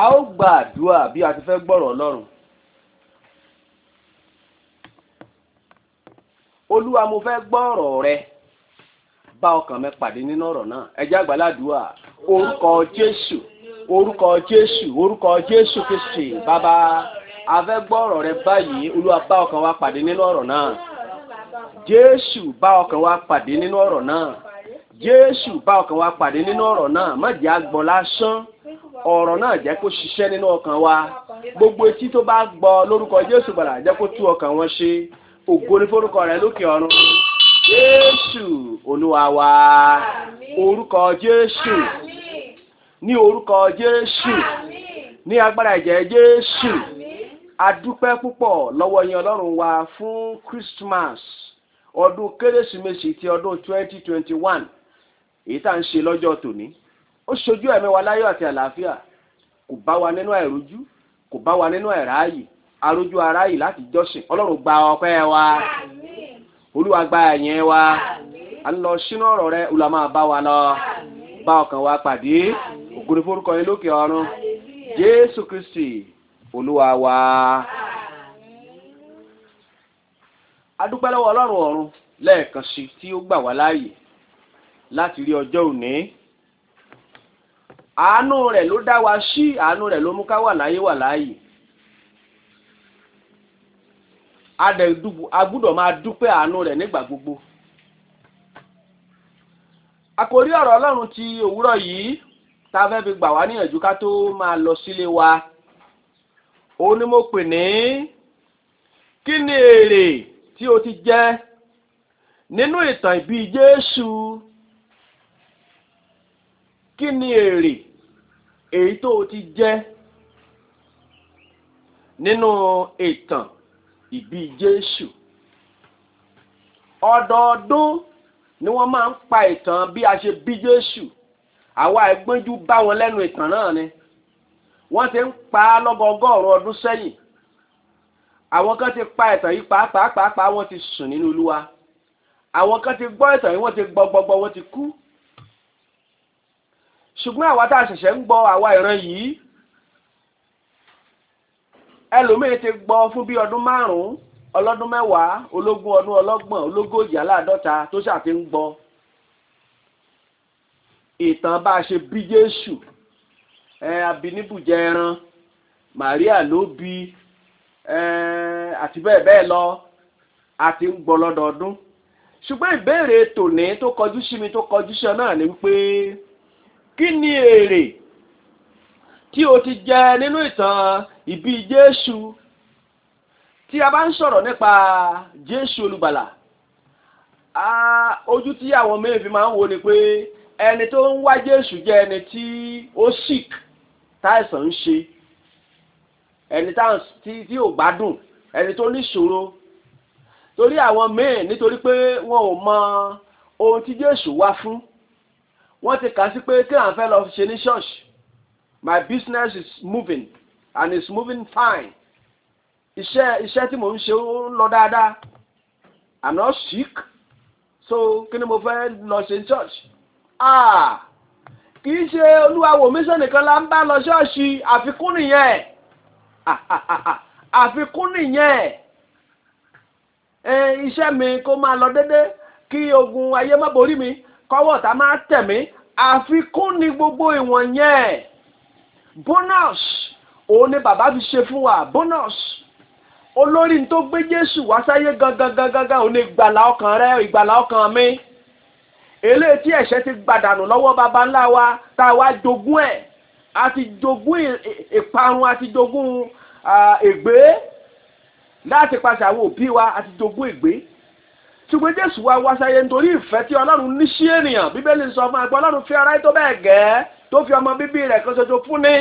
a ó gba àdúrà bí a ti fẹ́ gbọ́rọ̀ ọlọ́run. olúwa mo fẹ́ gbọ́ ọ̀rọ̀ rẹ bá ọkàn mi pàdé nínú ọ̀rọ̀ náà ẹ jẹ́ àgbàládùúà orúkọ jésù orúkọ jésù orúkọ jésù kristi bàbá a fẹ́ gbọ́ ọ̀rọ̀ rẹ báyìí olúwa bá ọkàn wa pàdé nínú ọ̀rọ̀ náà jésù bá ọkàn wa pàdé nínú ọ̀rọ̀ náà jésù bá ọkàn wa pàdé nínú ọ̀rọ̀ náà má jẹ́ a lásán ọ̀rọ̀ náà jẹ́ kó ṣiṣẹ́ nínú ọkàn wa gbogbo etí tó bá gbọ́ lórúkọ Jésù gbàlà jẹ́ kó tú ọkàn wọn ṣe ògo ní forúkọ rẹ lókè ọ̀run Jésù Olúwa wa orúkọ Jésù ní orúkọ Jésù ní agbára ẹ̀jẹ̀ Jésù adúpẹ́ púpọ̀ lọ́wọ́ yín Ọlọ́run wa fún Christmas ọdún kérésìmesì ti ọdún twenty twenty one èyí tá à ń ṣe lọ́jọ́ tòní ó ṣojú ẹ̀mí wa láyọ̀ àti àlàáfíà kò bá wa nínú àìrójú kò bá wa nínú àìráàyè arójú aráàyè láti jọ́sìn ọlọ́run gba ọpẹ́ wa olúwa gba ẹ̀yìn wa à ń lọ sínú ọ̀rọ̀ rẹ olúwa máa bá wa lọ bá ọkàn wa pàdé ògo ni forúkọ yín lókè ọ̀run jésù kristi olúwa wa. adúpẹ́ lọ́wọ́ ọlọ́run ọ̀run lẹ́ẹ̀kan sí tí ó gbà wá láàyè láti rí ọjọ́ òní àánú rẹ̀ ló dá wa sí àánú rẹ̀ ló mú ká wà láyé wà láàyè a gbúdọ̀ máa dúpẹ́ àánú rẹ̀ nígbà gbogbo àkòrí ọ̀rọ̀ ọlọ́run ti òwúrọ̀ yìí tá fẹ́ fi gbà wá níyànjú ká tó máa lọ sílé wa òun ni mo pè ní kí ni èrè tí o ti jẹ nínú ìtàn ìbí Jésù kí ni èrè èyí tó o ti jẹ́ nínú ìtàn ìbí Jésù ọdọọdún ni wọ́n máa ń pa ìtàn bí a ṣe bí Jésù àwa ẹgbẹ́jú bá wọn lẹ́nu ìtàn náà ni wọ́n ti ń pa á lọ́gọ́gọ́rùn ọdún sẹ́yìn àwọn kan ti pa ìtàn yìí pàápàá pàápàá wọ́n ti sùn nínú Olúwa àwọn kan ti gbọ́ ìtàn yìí wọ́n ti gbọ́ gbọ́gbọ́ wọ́n ti kú ṣùgbọ́n àwa tá a ṣẹ̀ṣẹ̀ ń gbọ́ àwa ìran yìí ẹlòmíín ti gbọ́ fún bí ọdún márùn-ún ọlọ́dún mẹ́wàá ológún ọdún ọlọ́gbọ̀n ológójì aláàdọ́ta tó ṣàfi ń gbọ́ ìtàn bá a ṣe bí Jésù ẹ abinibùjẹ ẹran Màríà ló bí ẹ àti bẹ́ẹ̀ bẹ́ẹ̀ lọ a ń gbọ́ lọ́dọọdún ṣùgbọ́n ìbéèrè tòní tó kọjú sí mi tó kọjú sí ọ náà ni wípé kí ni èrè tí o ti jẹ nínú ìtàn ìbí Jésù tí a bá ń sọ̀rọ̀ nípa Jésù olùgbàlà ojú tí àwọn mẹ́rin máa ń wo ni pé ẹni tó ń wá Jésù jẹ́ ẹni tí ó sick táìsàn ń ṣe ẹni tí ò gbádùn ẹni tó níṣòro torí àwọn mẹ́rin nítorí pé wọn ò mọ ohun tí Jésù wá fún wọ́n ti kà sí pé kí àwọn fẹ́ lọ ṣe ní ṣọ́ọ̀ṣì my business is moving and it's moving fine iṣẹ́ iṣẹ́ tí mò ń ṣe ó ń lọ dáadáa I'm not sick so kí ni mo fẹ́ lọ ṣe ní ṣọ́ọ̀ṣì ah kì í ṣe olúwawo mísọ̀ nìkan la ń bá lọ ṣọ́ọ̀ṣì àfikún nìyẹn àfikún nìyẹn eh, iṣẹ́ mi kó máa lọ déédéé kí ogun ayé má borí mi kọ́wọ́ tá máa tẹ̀mí àfikún ni gbogbo ìwọ̀n yẹn bonus òun ni bàbá fi ṣe fún wa bonus olórí tó gbé Jésù wá sáyé gangan gangan gangan òun ni ìgbàlà ọkàn rẹ ìgbàlà ọkàn mi eléyìí tí ẹ̀ṣẹ̀ ti gbàdànù lọ́wọ́ baba ńlá wa tá a wá jogún ẹ̀ a ti jogún ìparun a ti jogún ègbé láti pàṣẹ àwọn òbí wa a jogún ègbé ṣùgbọ́n jésù wa wá sáyé nítorí ìfẹ́ tí ọlọ́run ní ènìyàn bíbélì sọ fún ẹgbẹ́ ọlọ́run fi ara tó bẹ́ẹ̀ gẹ́ tó fi ọmọ bíbí rẹ̀ kan ṣoṣo fún ni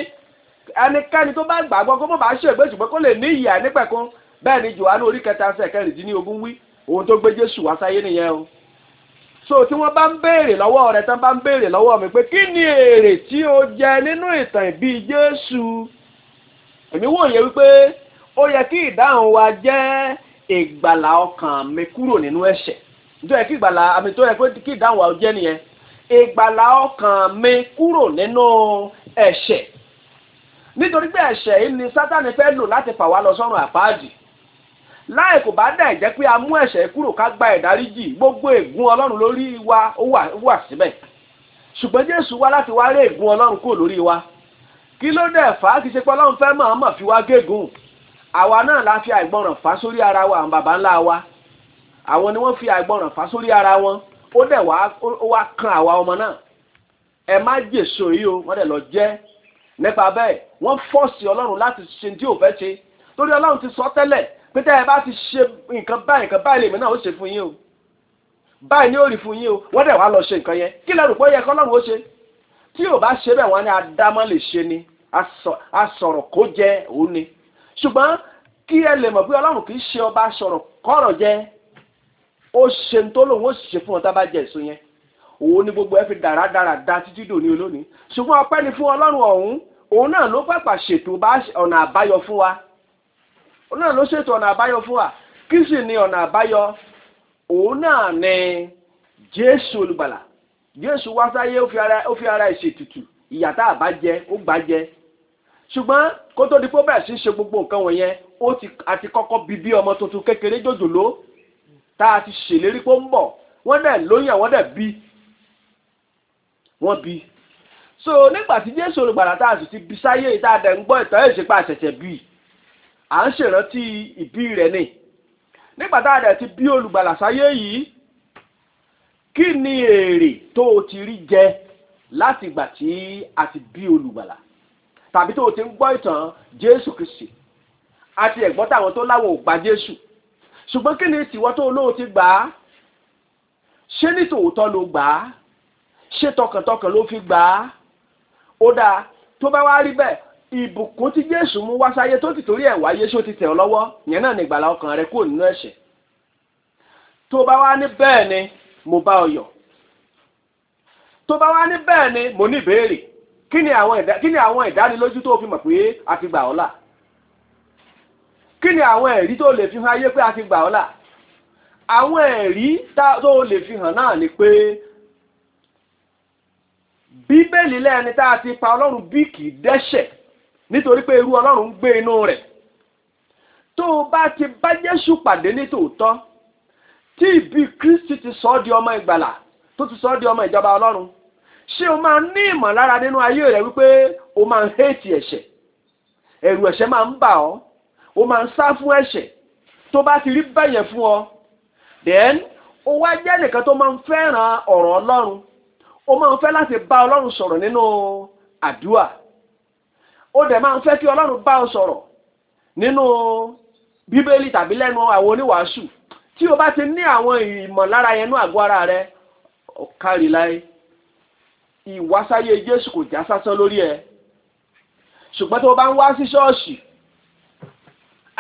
ẹnikẹ́ni tó bá gbàgbọ́ kó mọ̀ bá ṣe ṣùgbọ́n kó lè ní ìyà nípẹ̀kun bẹ́ẹ̀ ni johannu orí kẹta ẹsẹ̀ kẹrìndínlógún wí òun tó gbé jésù wá sáyé nìyẹn o so tí wọ́n bá ń béèrè lọ́wọ́ rẹ̀ tán bá ń béèrè lọ́wọ́ mi pé kí ni èrè tí o jẹ nínú ìtàn ìbí jésù èmi wòye wípé ó yẹ kí ìdáhùn wa jẹ́ ìgbàlà ọkàn mi kúrò nínú ẹ̀ṣẹ̀ tó yẹ kí ìgbàlà àmì tó yẹ kí ìdáhùn àwọn jẹ́ nìyẹn ìgbàlà ọkàn mi kúrò nínú ẹ̀ṣẹ̀ nítorí pé ẹ̀ṣẹ̀ yìí ni sátani fẹ́ lò láti fà wá lọ sọ́run àpáàdì láì kò bá dà jẹ́ pé a mú ẹ̀ṣẹ̀ kúrò ká gba ìdáríjì gbogbo ègún ọlọ́run lórí wa ó wà síbẹ̀ ṣùgbọ́n jésù wá láti wá ré ègún ọlọ́run kúrò lórí wa kí ló dẹ̀ fà á kì í ṣe pé ọlọ́run fẹ́ mọ̀ ọ́n mọ̀ fi wá gégùn àwa náà la fi àìgbọràn fà sórí ara wa àwọn baba ńlá wa àwọn ni wọ́n fi àìgbọràn fà sórí ara wọn ó dẹ̀ wá ó wá kan àwa ọmọ náà ẹ má jèso yìí o wọ́n dẹ̀ lọ jẹ́ nípa bẹ́ẹ̀ wọ́n fọ́ọ̀sì ọlọ́run láti ṣe tí ò fẹ́ ṣe torí ọlọ́run ti sọ tẹ́lẹ̀ pé tẹ́ ẹ bá ti ṣe nǹkan báyìí nǹkan báyìí lèmi náà ó ṣe fún yín o báyìí ni ó rí fún yín o wọ́n dẹ̀ wá lọ ṣe nǹkan yẹn kí lẹ́rù pé ó yẹ kọ́lọ́run ó ṣe tí ò bá ṣe bẹ́ẹ̀ wọ́n á ní lè ṣe ni asọ̀rọ̀ kó jẹ́ òun ni ṣùgbọ́n kí ẹ lè mọ̀ bí ọlọ́run kì í ṣe ọba sọ̀rọ̀ kọ́rọ̀ jẹ́ ó ṣe tó lòun ó sì ṣe fún wọn tá bá jẹ èso yẹn òun ni gbogbo ẹ fi dáradára da títí dòní olónìí ṣùgbọ́n ọpẹ́ ni fún ọlọ́run ọ̀hún òun náà ló pàpà ṣètò ọ̀nà àbáyọ fún wa òun náà ló ṣètò ọ̀nà àbáyọ fún wa kí sì ni ọ̀nà àbáyọ òun náà ni jésù olùgbàlà jésù wá ó fi ara ẹ̀ ṣètùtù ìyà tá ó gbà ṣùgbọ́n kó tó di pé ó bẹ̀rẹ̀ sí ṣe gbogbo nǹkan wọ̀nyẹn ó ti àti kọ́kọ́ bí bí ọmọ tuntun kékeré jòjòló tá a ti ṣèlérí pé ó ń bọ̀ wọ́n dẹ̀ lóyún àwọn dẹ̀ bí wọ́n bí so nígbà tí Jésù olùgbàlà tá a sì ti bí sáyé tá a dẹ̀ ń gbọ́ ìtàn èsì pa àṣẹ̀ṣẹ̀ bí à ń ṣèrántí ìbí rẹ̀ ni nígbà tá a dẹ̀ ti bí olùgbàlà sáyé yìí kí ni èrè tó o ti rí jẹ láti ìgbà tí a ti bí olùgbàlà tàbí tó o ti ń gbọ́ ìtàn jésù kristi àti ẹ̀gbọ́n táwọn tó láwọn ò gba jésù ṣùgbọ́n kí ni tìwọ́ tó olóò ti gbà á ṣé ní tòótọ́ ló gbà á ṣé tọkàntọkàn ló fi gbà á ó dáa tó bá wá rí bẹ́ẹ̀ ìbùkún tí jésù mú wá sáyé tó ti torí ẹ̀ wáyé ṣó ti tẹ̀ ọ́ lọ́wọ́ yẹn náà ní ìgbàlá ọkàn rẹ kúrò nínú ẹ̀ṣẹ̀ tó bá wá ní bẹ́ẹ̀ ni mo bá ọ tó bá wá ní bẹ́ẹ̀ ni mo ní ìbéèrè kí ni àwọn ìdánilójú tó fi mọ̀ pé a ti gbà ọ́ là kí ni àwọn ẹ̀rí tó lè fi hàn ayé pé a ti gbà ọ́ là àwọn ẹ̀rí tó lè fi hàn náà ni pé bíbélì lẹ́ni tá a ti pa ọlọ́run bí kì í dẹ́ṣẹ̀ nítorí pé irú ọlọ́run ń gbé inú rẹ̀ tó bá ti bá Jésù pàdé ní tòótọ́ tí ìbí Kristi ti sọ ọ́ di ọmọ ìgbàlà tó ti sọ ọ́ di ọmọ ìjọba ọlọ́run ṣé o máa ní ìmọ̀lára nínú ayé rẹ wípé o máa ń hẹ́ẹ̀tì ẹ̀ṣẹ̀ ẹ̀rù ẹ̀ṣẹ̀ máa ń bà ọ́ o máa ń sá fún ẹ̀ṣẹ̀ tó bá ti rí bẹ̀yẹ̀ fún ọ then o wá jẹ́ nìkan tó máa ń fẹ́ràn ọ̀rọ̀ ọlọ́run o máa ń fẹ́ láti bá ọlọ́run sọ̀rọ̀ nínú àdúà o dẹ̀ máa ń fẹ́ kí ọlọ́run bá ọ sọ̀rọ̀ nínú bíbélì tàbí lẹ́nu àwọn oníwàásù tí o bá ti ní àwọn ìmọ̀lára yẹn nú àgọ́ ara rẹ ọ̀kárí ìwásáyé Jésù kò já sásán lórí ẹ ṣùgbọ́n tó bá ń wá sí ṣọ́ọ̀ṣì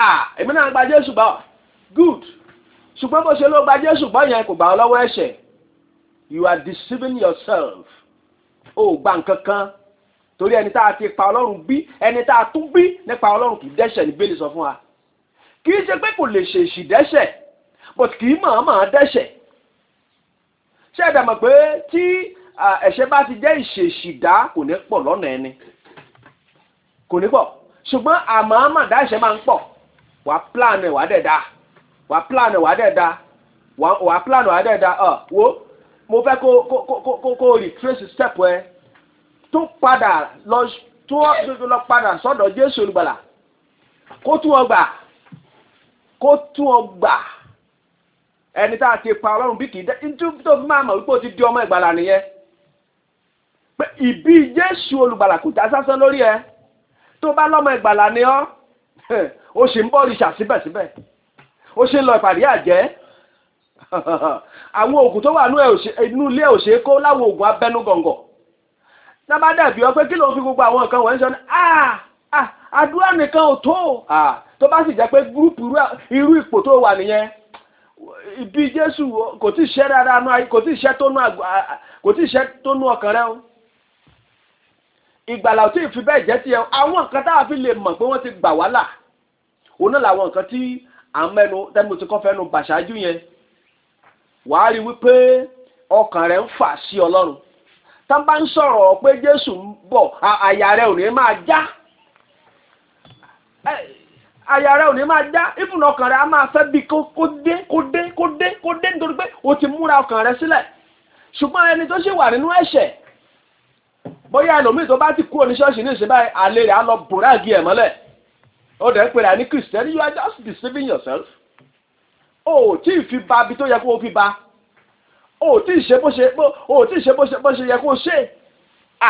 ah èmi náà gba Jésù bá good ṣùgbọ́n bó ṣe ló gba Jésù bá yẹn kò bá ọ lọ́wọ́ ẹ̀ṣẹ̀ you are deceiving yourself o ò gba nǹkan kan torí ẹni tá a ti pa Ọlọ́run bí ẹni tá a tún bí nípa Ọlọ́run kì í dẹ́ṣẹ̀ ní bẹ́ẹ̀lì sọ fún wa kì í ṣe pé kò lè ṣèṣì dẹ́ṣẹ̀ but kì í mọ̀ọ́mọ̀ dẹ́ṣẹ̀ ṣé ẹ̀dá mọ̀ pé tí ẹ̀ṣẹ̀ bá ti jẹ́ ìṣèṣìdá kò ní pọ̀ lọ́nà ẹni kò ní pọ̀ ṣùgbọ́n àmọ́ àmàdá ẹ̀ṣẹ̀ máa ń pọ̀ wà á plan ẹ̀ wà á dẹ̀ da wà á plan ẹ̀ wà á dẹ̀ da wà á plan ẹ̀ wà á dẹ̀ da ọ̀ wo mo fẹ́ kó kó kó kó kó retrace step ẹ tó padà lọ tó lọ padà sọ́dọ̀ Jésù olùgbàlà kó tún ọ gbà kó tún ọ gbà ẹni tá a ti pa ọlọ́run bí kì í dẹ́ tó fi máa mọ̀ wípé o ti di ọmọ ìgbàlà nìyẹn pé ìbí jésù olùgbàlà kò já sásán lórí ẹ tó bá lọ́mọ ìgbàlà ni ọ́ ó ṣe ń bọ́ ìṣà síbẹ̀síbẹ̀ ó ṣe ń lọ ìpàdé àjẹ́ àwọn oògùn tó wà nínú ilé ò ṣe kó láwọn oògùn abẹnugọ̀ngọ̀ náà bá dàbí ọ pé kí ló ń fi gbogbo àwọn nǹkan wọ̀nyí sọ ní ah, ah, àdúrà nìkan ò tó ah, tó bá sì jẹ́ pé gúrúùpù irú ipò tó wà nìyẹn ìbí jésù kò tí ì ṣẹ́ tó nú ọkàn rẹ o ìgbàlà ò tí ì fi bẹ́ẹ̀ jẹ́ tiẹ̀ àwọn nǹkan tá a fi lè mọ̀ pé wọ́n ti gbà wá là òun náà làwọn nǹkan tí à ń mẹ́nu tẹ́nu ti kọ́ fẹ́nu bàṣáájú yẹn wàá rí wípé ọkàn rẹ̀ ń fà sí ọlọ́run tá a bá ń sọ̀rọ̀ pé jésù ń bọ̀ àyà rẹ̀ ò ní máa já àyà rẹ̀ ò ní máa já ìfúnà ọkàn rẹ̀ á máa fẹ́ bí kó dé kó dé kó dé kó dé nítorí pé o ti múra ọkàn rẹ̀ sílẹ̀ ṣùgbọ́n ẹni tó ṣì wà nínú ẹ̀ṣẹ̀ bóyá ẹlòmíì tó bá ti kú oní ṣọ́ọ̀ṣì ní ìṣẹ́bá alẹ́ rẹ̀ á lọ bùrágì ẹ̀ mọ́lẹ̀ ó dẹ̀ ń pè rà ní Christian you are just deceiving yourself o ò tí ì fi ba bí tó yẹ kó o fi ba o ò tí ì ṣe bó ṣe o ò tí ì ṣe bó ṣe yẹ kó o ṣe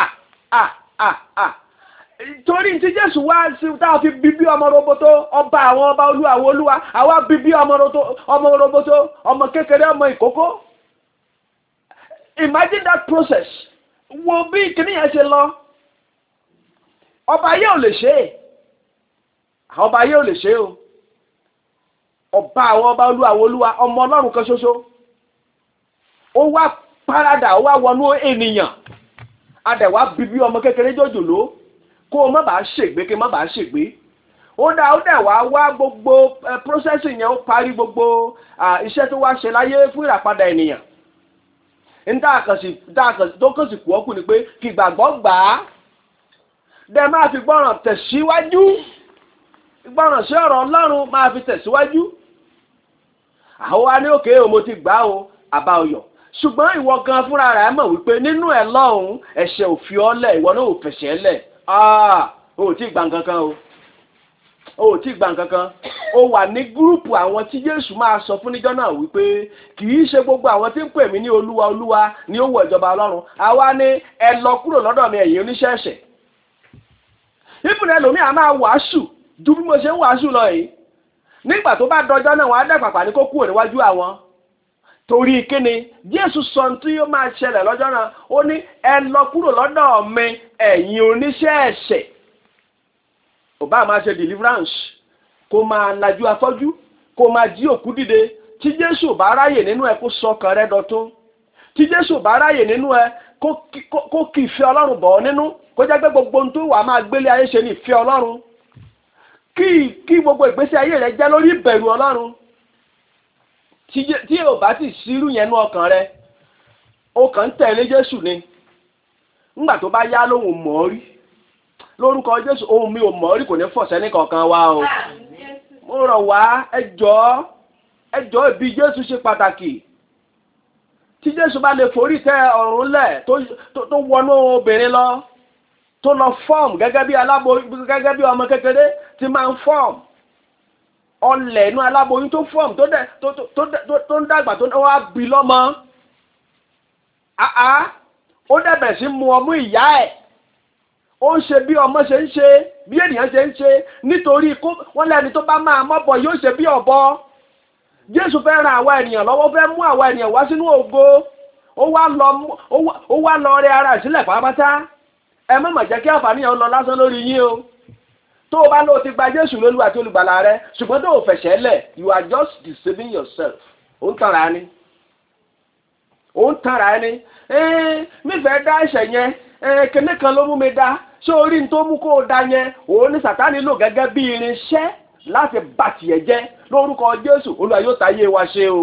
à à à à torí ti Jésù wá sí tá a fi bíbí ọmọ roboto ọba àwọn ọba olúwa àwọn olúwa àwa bíbí ọmọ roboto ọmọ kékeré ọmọ ìkókó imagine that process wo bí kinní yẹn ṣe lọ ọba yóò lè ṣe é ọba yóò lè ṣe é o ọba àwọn ọba olúwa olúwa ọmọ ọlọ́run kan ṣoṣo ó wá parada ó wá wọnú ènìyàn adẹ̀wá bíbí ọmọ kékeré jòjòló kó o má bàa ṣègbé kí o má bàa ṣègbé ó dá ó dẹ̀ wá wá gbogbo processing yẹn ó parí gbogbo iṣẹ́ tó wá ṣe láyé fún ìràpadà ènìyàn tó kàn sí kú ọkùn ni pé kí ìgbàgbọ́ gbà á dẹ máa fi gbọ́ràn tẹ̀síwájú gbọ́ràn sí ọ̀rọ̀ ọlọ́run máa fi tẹ̀síwájú àwọn wa ní òkè òmo ti gbà ó àbá ọyọ̀ ṣùgbọ́n ìwọ gan fúnra rẹ̀ mọ̀ wípé nínú ẹ̀ lọ́hùn-ún ẹ̀ṣẹ̀ òfin ọlẹ̀ ìwọ náà ò fẹ̀ṣẹ̀ lẹ̀ ó ti gbà nǹkan o o ò tí ì gba nǹkan kan o wà ní gúrùpù àwọn tí Jésù máa sọ fún níjọ́ náà wípé kì í ṣe gbogbo àwọn tí ń pè mí ní olúwa olúwa ni ó wọ ìjọba Ọlọ́run àwa ni ẹ lọ kúrò lọ́dọ̀ mi ẹ̀yin oníṣẹ́ ẹ̀ṣẹ̀ ìbùnà lòmíà máa wàásù ju bí mo ṣe ń wàásù lọ yìí nígbà tó bá dọjọ́ náà wọ́n á dàgbàpà ní kó kúrò níwájú àwọn torí kíni Jésù sọ tí ó máa ṣẹlẹ̀ lọ́jọ́ náà ó ní ẹ lọ kúrò lọ́dọ̀ mi ẹ̀yin oníṣẹ́ ẹ̀ṣẹ̀ kò bá máa ṣe deliverance kó máa lajú afọ́jú kó máa jí òkú dìde tí jésù bá ráyè nínú ẹ kó sọkàn rẹ dọ̀tun tí jésù bá ráyè nínú ẹ kó kì í fẹ́ ọlọ́run bọ̀ ọ́ nínú kó jẹ́ pé gbogbo ohun tó wà máa gbélé ayé ṣe ní ìfẹ́ ọlọ́run kí gbogbo ìgbésí ayé rẹ jẹ́ lórí ìbẹ̀rù ọlọ́run tí ò bá ti sírú yẹn nú ọkàn rẹ ó kàn ń tẹ̀lé jésù ni ńgbà tó bá yá lóhùn mọ́ rí lórúkọ jésù ohun mi ò mọ̀ orí kò ní fọ̀ sẹ́ni kankan wa o mo rọ̀ wá ẹjọ́ ẹjọ́ ìbí jésù ṣe pàtàkì tí jésù bá lè forí tẹ ọ̀run lẹ̀ tó wọnú obìnrin lọ tó lọ fọ́ọ̀mù gẹ́gẹ́ bí aláboyún gẹ́gẹ́ bí ọmọ kékeré ti máa ń fọ́ọ̀mù ọlẹ̀ inú aláboyún tó fọ́ọ̀mù tó ń dàgbà tó wá bí lọ́mọ ó dẹ̀bẹ̀ sí mu ọmú ìyá ẹ̀ ó ń ṣe bí ọmọ ṣe ń ṣe bí ènìyàn ṣe ń ṣe nítorí kó wọn lẹ́ni tó bá máa mọ́bọ̀ yóò ṣe bí ọbọ jésù fẹ́ ran àwa ènìyàn lọ́wọ́ fẹ́ mú àwa ènìyàn wá sínú ògo ó wá lọ rẹ ara ìsílẹ̀ pátápátá ẹ má mà jẹ́ kí àǹfààní yẹn lọ lásán lórí yín o tó o bá lọ ti gba jésù lólúwa àti olùgbàlà rẹ ṣùgbọ́n tó o fẹ̀ṣẹ̀ lẹ̀ you are just deceiving yourself ó ń tanra ni ó ń tanra ni ẹ mi fẹ́ dá ẹ̀ṣẹ̀ yẹn ẹ kẹ́nẹ́kan ló mú mi dá ṣé orí ní tó mú kó o da yẹn òun ní sàtánì lò gẹ́gẹ́ bí irinṣẹ́ láti bà tiẹ̀ jẹ́ lórúkọ jésù olúwa yóò tayé wa ṣe o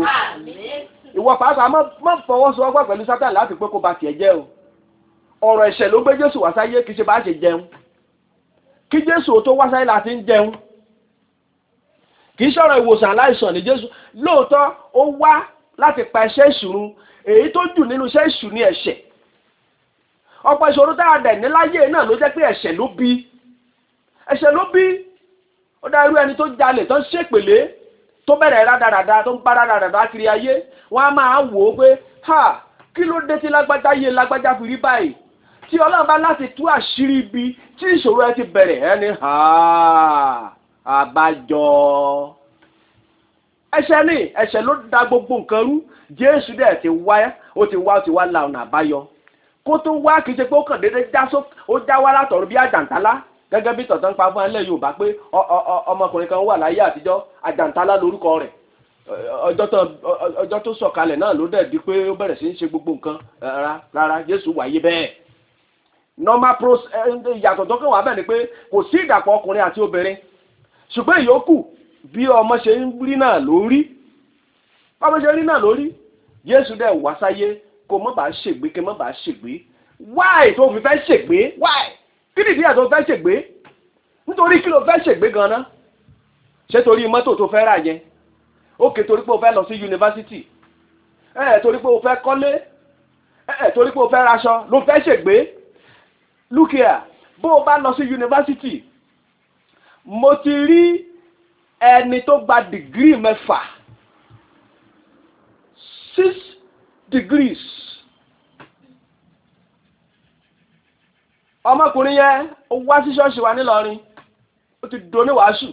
ìwọ pàápàá má fọwọ́sowọ́pọ̀ pẹ̀lú sátán láti pé kó bà tiẹ̀ jẹ́ o ọ̀rọ̀ ẹ̀ṣẹ̀ ló gbé jésù wá sáyé kì í ṣe bá ṣe jẹun kí jésù tó wá sáyé láti ń jẹun kì í ṣọ̀rọ̀ ìwòsàn aláìsàn ní jésù lóòótọ́ ó wá láti pa iṣẹ́ ìṣùrù èyí tó jù nínú iṣẹ́ ìṣù ní ẹ̀ṣẹ̀ ọ̀pọ̀ ìṣòro tá a dẹ̀ níláyé náà ló jẹ́ pé ẹ̀ṣẹ̀ ló bí ẹ̀ṣẹ̀ ló bí ó dá irú ẹni tó jalè tó ń ṣèpèlé tó bẹ̀rẹ̀ rádaràda tó ń bá rádaràda kiri ayé wọ́n á máa wò ó pé ha kí ló dé tí lágbájá yé lágbájá fi rí báyìí tí ọlọ́run bá láti tú àṣírí ibi tí ìṣòro ẹ ti bẹ̀rẹ̀ ẹ ní ha àbájọ ẹ̀ṣẹ̀ ni ẹ̀ṣẹ̀ ló da gbogbo nǹkan rú Jésù dẹ̀ ti wá ó ti wá ó ti wá la ọ̀nà àbáyọ kó tó wá kìí ṣe pé ó kàn déédéé dá só ó já wá bí àjàntálá gẹ́gẹ́ bí tọ̀tọ̀ ń pa fún pé ọmọkùnrin kan wà láyé àtijọ́ àjàntálá lórúkọ rẹ̀ ọjọ́ tó sọ̀kalẹ̀ náà ló dẹ̀ di pé ó bẹ̀rẹ̀ sí gbogbo nǹkan rárá Jésù wáyé bẹ́ẹ̀ normal ìyàtọ̀ tó kàn wá bẹ́ẹ̀ ni pé kò sí ìdàpọ̀ ọkùnrin àti obìnrin ṣùgbọ́n ìyókù bí ọmọ ṣe ń rí náà lórí ọmọ ṣe ń kó mọ́ bá ṣègbé kí mọ́ bá ṣègbé Why tó fi fẹ́ ṣègbé wáì kí nìdí ẹ̀ tó fẹ́ ṣègbé nítorí kí ló fẹ́ ṣègbé gan-an ṣé torí mọ́tò tó fẹ́ rà yẹn ókè torí pé o fẹ́ lọ sí yunifásitì ẹ̀ ẹ̀ torí pé o fẹ́ kọ́lé ẹ̀ ẹ̀ torí pé o fẹ́ raṣọ ló fẹ́ ṣègbé lúkìá bó o bá lọ sí yunifásitì mo ti rí ẹni tó gba dìgírì mẹ́fà six degrees ọmọkùnrin yẹn ó wá sí ṣọ́ọ̀ṣì wa nílọrin ó ti do níwàásù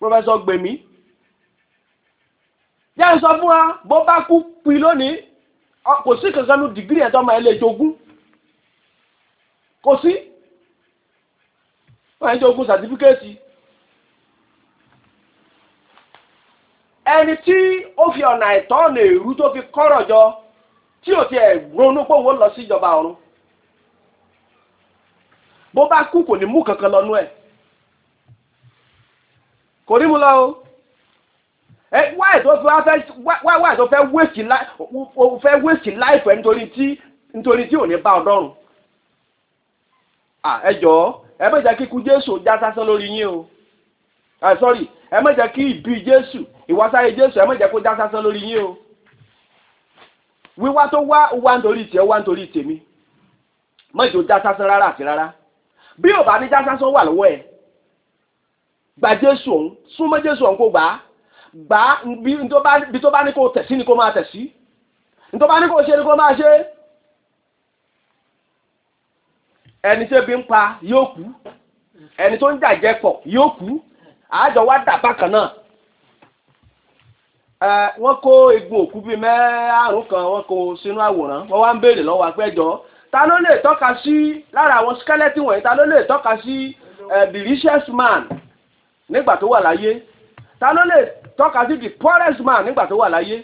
pọfẹsọ gbèmí jẹ́ ń sọ fún wa bó bá kú pi lónìí kò sí kankan nu dìgírì ẹ̀ tó ọmọ ẹ lè jogún kò sí wọ́n ẹ̀ ń jogún sàtífíkẹ́ẹ̀tì ẹni tí ó fi ọ̀nà ẹ̀tọ́ ọ̀nà èrú tó fi kọ́rọ̀ jọ tí ò tiẹ̀ ronú pé òun lọ sí ìjọba ọ̀run bó bá kú kò mú kankan lọ ẹ̀ kò ní lọ o wáì tó fẹ́ wá fẹ́ wéṣì fẹ́ wéṣì láìpẹ́ nítorí tí nítorí tí ní bá ẹ jọ̀ọ́ ẹ bẹ́ẹ̀ jẹ́ kíkú Jésù lórí yín o sọ́rí ẹ má jẹ́ kí ìbí Jésù ìwásáyé Jésù ẹ má kó lórí yín o wíwá tó wá wá nítorí wá nítorí tèmi já sásán àti rárá. bí ò bá ní dásánsán wà lọ́wọ́ ẹ̀ gba jésù òun súnmọ́ jésù òun kó gbà á gbà á bí tó bá ní kó tẹ̀sí ni kó máa tẹ̀sí ní tó bá ní kó ṣe ni kó máa ṣe ẹni tó bí ń pa yóò kú ẹni tó ń jàjẹ́ pọ̀ yóò kú àjọ wa dà bákan náà wọ́n kó egun òkú bíi mẹ́rààrún kan wọ́n kó sínú àwòrán wọ́n wá ń béèrè lọ́wọ́ apẹ́jọ́ ta ló lè tọ́ka sí lára àwọn skeleton wọ̀nyí ta ló lè tọ́ka sí the eh, man nígbà tó wà láyé ta ló lè tọ́ka sí the poorest man nígbà tó wà láyé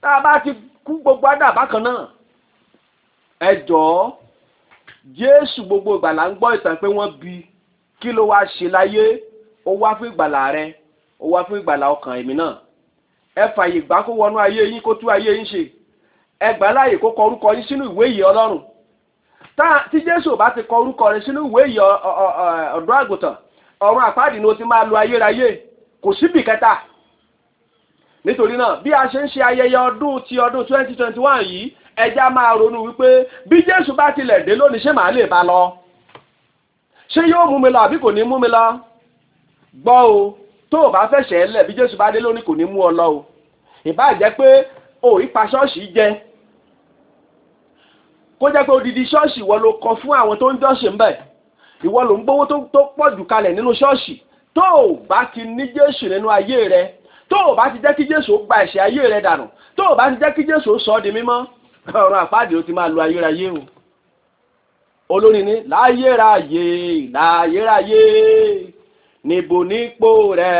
tá a bá ti kú gbogbo àdá bákan náà ẹ jọ̀ọ́ jésù gbogbo ìgbàlà ń gbọ́ ìtàn pé wọ́n bi kí ló wá ṣe láyé ó wá fún ìgbàlà rẹ ó wá fún ìgbàlà ọkàn èmi náà ẹ fààyè gbà kó wọnú ayé yín kó tú ayé yín ṣe ẹgbàá láàyè kó kọ orúkọ yín sínú ìwé ìyè ọlọ́run tí jésù ò bá ti kọ orúkọ rẹ sínú ìwé ìyè ọ̀dọ́ àgùntàn ọ̀run àpáàdì ni o ti máa lo ayérayé kò síbì kẹta nítorí náà bí a ṣe ń ṣe ayẹyẹ ọdún ti ọdún 2021 yìí ẹja máa ronú wípé bí jésù bá tilẹ̀ dé lónìí ṣé màá lè bá lọ ṣé yóò mú mi lọ àbí kò ní mú mi lọ gbọ́ o tó o bá fẹ̀ṣẹ̀ lẹ̀ bí jésù bá dé lónìí kò ní mú ọ lọ o ìbá jẹ́ pé òrí pa ṣọ́ọ̀ṣì jẹ kó jẹ́ pé odidi ṣọ́ọ̀ṣì ìwọ ló kọ fún àwọn tó ń jọ́ṣe ń bẹ̀ ìwọ ló ń gbówó tó pọ̀ jù kalẹ̀ nínú ṣọ́ọ̀ṣì tó o bá ti ní Jésù nínú ayé rẹ tó o bá ti jẹ́ kí Jésù gba ẹ̀ṣẹ̀ ayé rẹ dànù tó o bá ti jẹ́ kí Jésù sọ ọ́ di mímọ́ ọ̀run àpáàdé ó ti máa lo ayérayé o olórin ní láyérayé láyérayé níbo nípò rẹ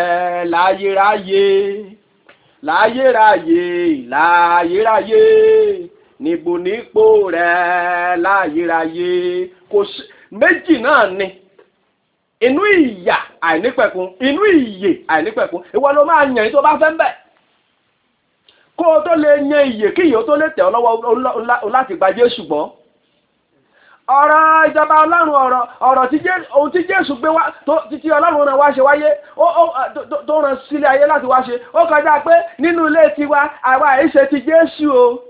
láyérayé láyérayé láyérayé níbo nípò rẹ láyérayé kò sí méjì náà ni inú ìyà àìnípẹ̀kun inú ìyè àìnípẹ̀kun ìwọ ló máa yàn tó bá fẹ́ ń bẹ̀ kó o tó lè yan ìyè kí ìyè ó tó lè tẹ̀ ọ́ lọ́wọ́ láti gba Jésù ọ̀rọ̀ ìjọba ọlọ́run ọ̀rọ̀ ọ̀rọ̀ ohun tí jésù gbé wá títí ọlọ́run ràn wá ṣe wáyé tó ràn sílé ayé láti wá ṣe ó kọjá pé nínú ilé tiwa àwa àìṣe ti jésù o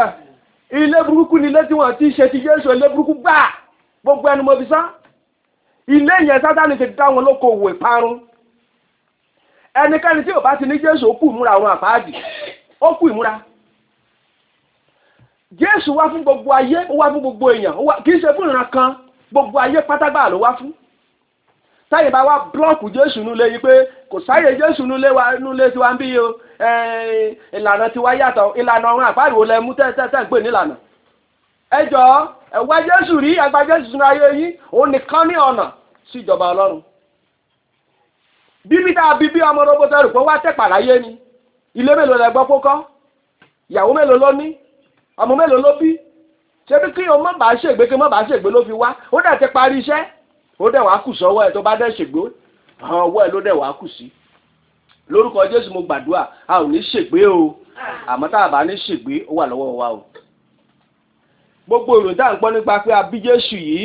eh, ilé burúkú ni ilé tí wọ́n ti ṣe ti jésù ilé burúkú gbà gbogbo ẹnu mo fi sá ilé yẹn sátánì ti dá wọn lókòwò ìparun ẹnikẹ́ni tí ò bá ti ní jésù ó kù ìmúra àwọn àpáàdì ó kù ìmúra jésù wá fún gbogbo ayé ó wá fún gbogbo èèyàn kì í ṣe fún ìran kan gbogbo ayé pátágbà ló wá fún táyé bá wá búlọ́ọ̀kù jésù nulẹ̀ yìí pé kò sáyè jésù nulẹ̀ wa nulẹ̀ tiwa ń bí o ìlànà tiwa yàtọ̀ ìlànà ọ̀run àpáriwo lẹ mú tẹ́tẹ́tẹ́ ń pè nílànà ẹ jọ ẹ wá jésù rí ẹgbà jésù sínú ayé yín òun nìkan ní ọ̀nà sí ìjọba ọlọ́run bíbí tá a bí bí ọmọ roboto rò pé wá tẹ̀pà láyé ni ilé mélòó lẹ gbọ́ kó ìyàwó mélòó ló ní ọmọ mélòó ló bí ṣebí kí o má bàa ṣègbè kí o má bàa ṣègbè ló fi wá ó dẹ̀ ti parí iṣẹ́ ó dẹ̀ wàá kù sọ́wọ́ ẹ̀ tó bá dẹ̀ ṣègbè àwọn ọwọ́ ẹ̀ ló dẹ̀ wàá kù sí lórúkọ Jésù mo gbàdúrà a ò ní ṣègbè o àmọ́ tá a bá ní ṣègbè ó wà lọ́wọ́ wa o gbogbo ìròyìn tá à ń gbọ́ nípa pé a bí Jésù yìí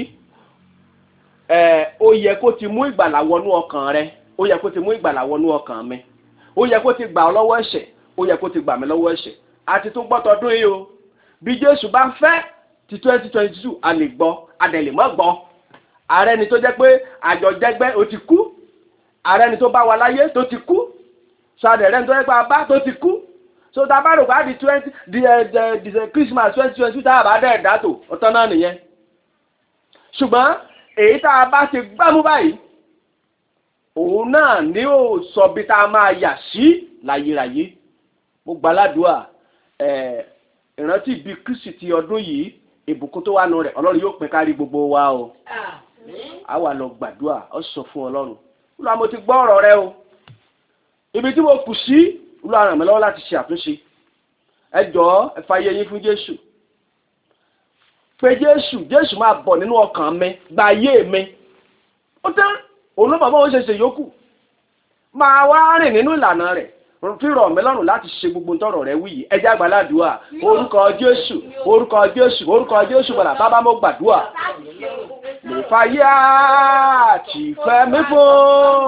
ó yẹ kó ti mú ìgbàlà wọnú ọkàn rẹ ó yẹ kó ti mú ìgbàlà wọnú ọkàn mi ó yẹ kó ti gbà ọ lọ́wọ́ ẹ̀ṣẹ̀ ó yẹ kó ti gbà mí lọ́wọ́ ẹ̀ṣẹ̀ àti tún gbọ́tọ̀dún yìí o bí jésù bá fẹ́ ti twenty twenty two a lè gbọ́ a dẹ̀ lè mọ́ gbọ́ ààrẹ ni tó jẹ́ pé àjọ jẹ́gbẹ́ ó ti kú ààrẹ ni tó bá wa láyé tó ti kú sọdẹ̀rẹ́ ni tó jẹ́ pé a bá tó ti kú so tá a bá rò pé a di twenty di ẹ eh, di christmas twenty twenty two tá a bá dẹ̀ dátò ọ̀tọ̀ náà nìyẹn ṣùgbọ́n èyí tá a bá ti gbámú báyìí òun náà ni ó sọ bí tá a máa yà sí láyérayé mo gbàládùá ẹ eh, ìrántí bíi kristi ti ọdún yìí ìbùkún tó wà nù rẹ̀ ọlọ́run yóò pín kárí gbogbo wa o a wà lọ gbàdúrà ọ sọ fún ọlọ́run olúwa mo ti gbọ́ ọ̀rọ̀ rẹ o ibi tí mo kù sí olúwa ràn mí lọ́wọ́ láti ṣe àtúnṣe ẹ jọ̀ọ́ ẹ fàyè yín fún jésù pé jésù jésù máa bọ̀ nínú ọkàn mi gba ayé mi ó tán òun ló bàbá òun ṣe ṣe yòókù máa wá rìn nínú ìlànà rẹ̀ fírọ̀ mi lọ́rùn láti ṣe gbogbo tọrọ rẹ wí yìí ẹjẹ́ àgbàládùá orúkọ Jésù orúkọ Jésù orúkọ Jésù bọ̀dà bàbá mo gbàdúà mo fàyè àti fẹ́ mi fún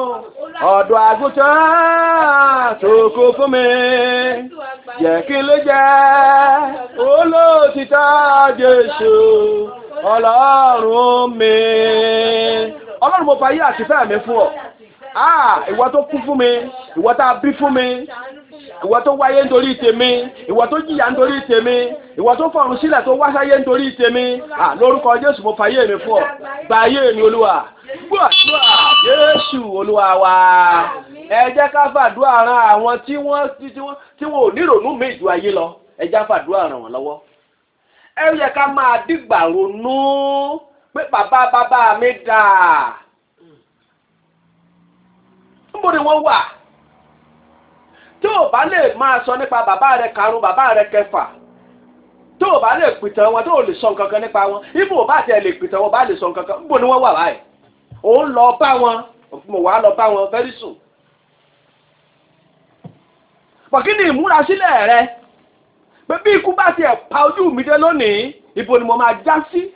ọ̀dọ̀ àgùntàn tòkó fún mi jẹ́ kí ló jẹ́ olóòtítọ́ Jésù ọlọ́run mi ọlọ́run mo fàyè àti fẹ́ mi fún ọ ah ìwọ tó kú fún mi ìwọ tá a bí fún mi ìwọ tó wáyé nítorí tèmi ìwọ tó jìyà nítorí tèmi ìwọ tó fọ̀run sílẹ̀ tó wá sáyé nítorí tèmi ah lórúkọ jésù mo fàyè mi fún ọ gbàyè mi olúwa gbàdúrà jésù olúwa wa ẹ jẹ́ ká fàdúrà ran àwọn tí wọ́n tí wọ́n ò nírònú mi ju ayé lọ ẹ jẹ́ ká fàdúrà ràn wọ́n lọ́wọ́ ẹ yẹ ká máa dìgbà ronú pé bàbá bàbá mi dáa. níbo ni wọ́n wà tó le ma sọ nípa baba rẹ karùn bàbá rẹ kẹfà tó o bá wọn tó o sọ wọn ibo o bá sọ wọ́n wà lọ bá wọn bá wọn very soon pọ̀kínì ìmúrasílẹ̀ rẹ pé bí ikú bá pa ojú mi lónìí ibo ni mo ma já sí.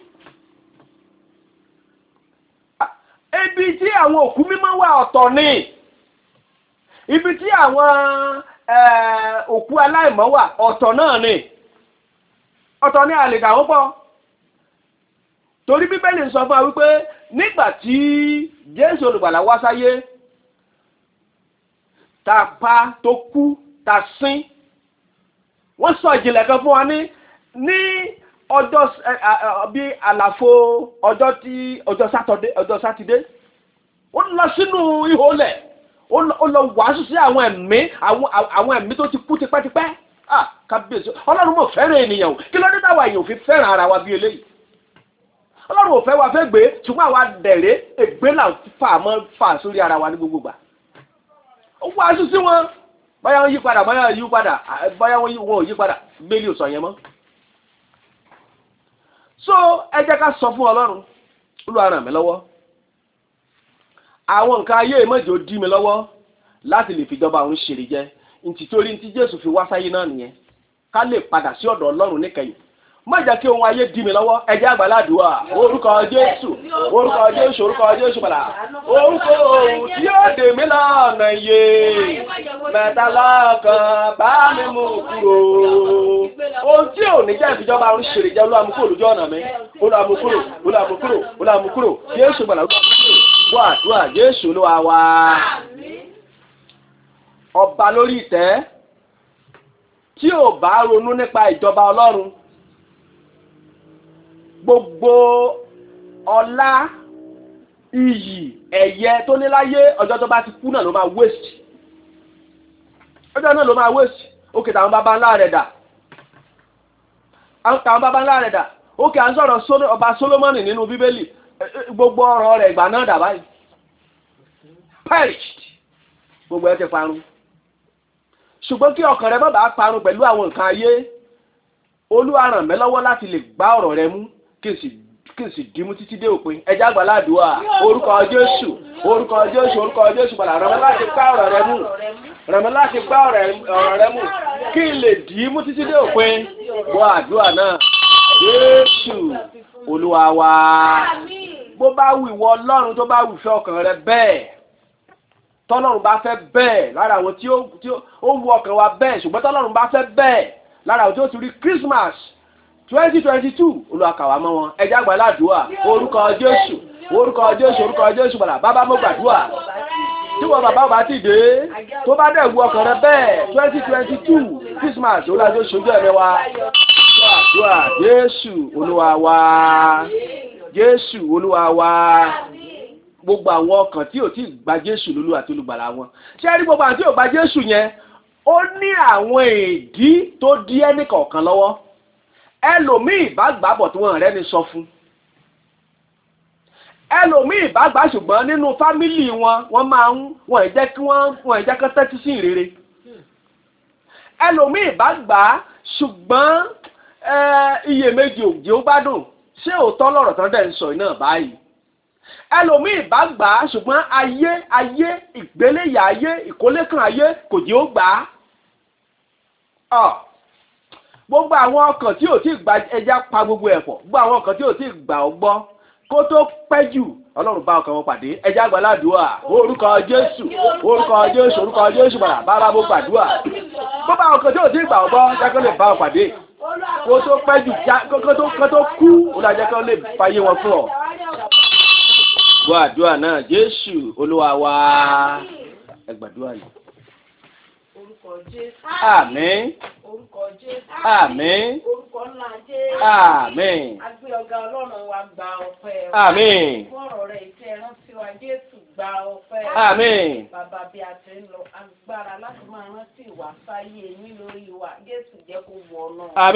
ebi tí àwọn òkú mímọ́ wà ni ibi tí àwọn eh, òkú aláìmọ́ wà ọ̀tọ̀ náà ni ọ̀tọ̀ ni àlèkà ó pọ̀ torí bíbélì sọ fún wa wípé nígbà tí jésù olùgbàlà wá sáyé ta pa tó kú ta sin wọ́n sọ ìjìnlẹ̀ kan fún wa ní ní ọjọ́ eh, bí àlàfo ọjọ́ sátidé wọ́n lọ sínú ihò lẹ̀ ó lọ wàásù sí àwọn ẹ̀mí àwọn ẹ̀mí tó ti kú tipẹ́tipẹ́ ah kábíyèsí ọlọ́run mọ̀ fẹ́ràn ènìyàn o kí ló dé táwa èèyàn fi fẹ́ràn ara wa bí eléyìí ọlọ́run ò fẹ́ wa fẹ́ gbé ṣùgbọ́n àwa dẹ̀rẹ́ ègbé là ń fà mọ́ fà sórí ara wa ní gbogbo gbà ó wàásù sí wọn báyà wọn yí padà báyà wọn yí padà báyà wọn ò yí padà bẹ́ẹ̀lì ò sọ yẹn mọ́ so ẹ jẹ́ ká sọ fún ọlọ́run olúwa ràn mí lọ́wọ́ àwọn nǹkan ayé ìmọ̀jọ dí mi lọ́wọ́ láti lè fi ìjọba òun ṣèrè jẹ ntítorí ntí jésù fi wá sáyé náà nìyẹn ká lè padà sí ọ̀dọ̀ ọlọ́run níkẹyìn má jẹ́ kí ohun ayé dí mi lọ́wọ́ ẹ jẹ́ àgbàládùá orúkọ jésù orúkọ jésù orúkọ jésù padà orúkọ òun tí ó dè mí lọ́nà iye mẹ́tàlá kan bá mi mú kúrò ohun tí ò ní jẹ́ ìfìjọba ń ṣèrè jẹ́ olúwa mú lójú ọ̀nà mi olúwa mú kúrò olúwa mú kúrò jésù gbàlá olúwa mú fún àdúrà Jésù Olúwa wa ọba lórí ìtẹ́ tí ò bá ronú nípa ìjọba Ọlọ́run gbogbo ọlá iyì ẹ̀yẹ tó ní láyé ọjọ́ tó bá ti kú náà ló máa wéṣì ọjọ́ náà ló máa wéṣì bàbá ńlá rẹ̀ dà àwọn ń sọ̀rọ̀ ọba solomoni nínú gbogbo ọ̀rọ̀ rẹ̀ ìgbà náà dà báyìí perished gbogbo ẹ ti parun ṣùgbọ́n kí ọkàn rẹ má bàa parun pẹ̀lú àwọn nǹkan ayé olúwa ràn mí lọ́wọ́ láti lè gbá ọ̀rọ̀ rẹ mú kí n sì kí n sì dìímú títí dé òpin ẹjẹ àgbàládùá orúkọ jésù orúkọ jésù orúkọ jésù padà ràn mí láti gbá ọ̀rọ̀ rẹ mú ràn mí láti gbá ọ̀rọ̀ rẹ mú kí n lè dìímú títí dé òpin gbọ́ àdúrà náà jésù olúwa wa bó bá wù ìwọ ọlọ́run tó bá wù fẹ́ ọkàn rẹ bẹ́ẹ̀ tọ́lọ́run bá fẹ́ bẹ́ẹ̀ lára àwọn tí ó wù ọkàn wa bẹ́ẹ̀ ṣùgbọ́n tọ́lọ́run bá fẹ́ bẹ́ẹ̀ lára àwọn tí ó ti rí Christmas twenty twenty two olùwàkàwà mọ́ wọn ẹja àgbà ládùúà orúkọ Jésù orúkọ Jésù orúkọ Jésù bàrà bàbá mo gbàdúà tí wọn bàbá ò bá ti dé tó bá dẹ̀ wù ọkàn rẹ bẹ́ẹ̀ twenty twenty two Christmas olùwàjọ́ ṣojú ẹ̀mẹ́wàá gbàdúà Jésù olúwa jésù olúwa wa gbogbo àwọn ọkàn tí ò tí ì gba jésù lólúwa tó lùgbàlà wọn ṣé rí gbogbo àwọn tí ò gba jésù yẹn ó ní àwọn ìdí tó dí ẹnìkọ̀ọ̀kan lọ́wọ́ ẹlòmíì bá gbàbọ̀ tí wọ́n rẹ́ ni sọ fún ẹlòmíì bá gbà ṣùgbọ́n nínú fámìlì wọn wọ́n máa ń wọ́n ẹ̀ kí wọ́n wọ́n ẹ̀ jẹ́ tẹ́tí sí ìrere ẹlòmíì bá gbà ṣùgbọ́n iyèméjì òjò bá dùn ṣé òótọ́ lọ̀rọ̀ tán dẹ̀ ń sọ iná báyìí ẹlòmíì bá gbà á ṣùgbọ́n ayé ayé ìgbéléyà ayé ìkólékàn ayé kò jẹ́ ó gbà á gbogbo àwọn ọkàn tí ò tí gba ẹja pa gbogbo ẹ̀fọ́ gbogbo àwọn ọkàn tí ò tí gbà ó gbọ́ kó tó pẹ́ jù ọlọ́run bá ọkàn wọn pàdé ẹja gbàládùá orúkọ jésù orúkọ jésù orúkọ jésù bàrà bàrà bó gbàdúà gbogbo àwọn ọkàn tí ò tí gbà ó gbọ́ jákèjì bá ọ pàdé kó tó pẹ́ jù já kó tó kú ó dájẹ́ kó lè fàyè wọn fún ọ. gbọ́ àdúrà náà jésù olúwa wa ẹ yìí orúkọ Jésù. àmín. orúkọ Jésù. àmín. orúkọ ńlá Jésù. àmín. agbé ọ̀gá ọlọ́run wa gba ọpẹ́. àmín. fún rẹ̀ ìtẹ́ rántí wa Jésù gba ọpẹ́. àmín. bàbá bí a ń lọ agbára láti máa rántí ìwà sáyé yín lórí wa Jésù jẹ́ kó wọ ọ náà.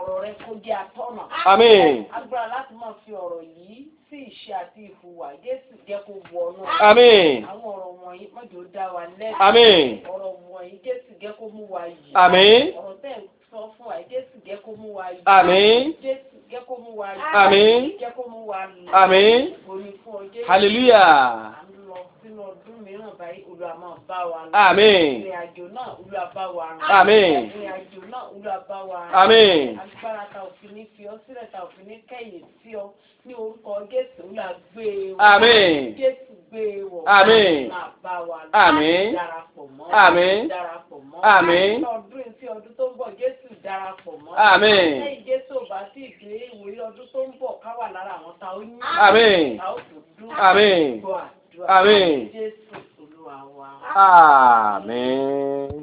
ọ̀rọ̀ rẹ̀ kó jẹ́ atọ́nà. àmín. agbára láti máa fi ọ̀rọ̀ yìí sí ìṣe àti ìfùwà Jésù jẹ́ kó wọ ọ̀nà. àmín. àwọn ọ̀rọ̀ wọ̀nyí mọ́jọ dá wa lẹ́bi. àmín. ọ̀rọ̀ wọ̀nyí Jésù jẹ́ kó mú wa yìí. àmín. ọ̀rọ̀ tẹ̀ sọ fún wa Jésù jẹ́ kó mú wa yìí. àmín. Jésù jẹ́ kó mú wa yìí. àmín. jẹ́ kó mú wa lọ. àmín. orí fún ọ Jésù. hallelujah. àmín sínú ọdún mìíràn báyìí Olúwa máa bá wa rìn. Àmín. Ìrìn àjò náà Olúwa wa rìn. Àmín. Ìrìn náà Olúwa wa rìn. Àmín. Agbára ta òfin ní fi ọ́ sílẹ̀ ta òfin ní kẹ́yìn sí ọ ní orúkọ Jésù Olúwa gbé e wọ̀. Àmín. Jésù gbé e wọ̀. Àmín. bá wa rìn. Àmín. Darapọ̀ mọ́. Àmín. Darapọ̀ mọ́. Àmín. Ọdún sí ọdún tó ń bọ̀ Jésù darapọ̀ mọ́. Àmín. Lẹ́yìn Jésù ò bá sí ìgbé ìwòye ọdún tó ń bọ̀ ká wà lára àwọn ta ó ní. Àmín. Ta ó tó dún. Àmín. Amen. Amen.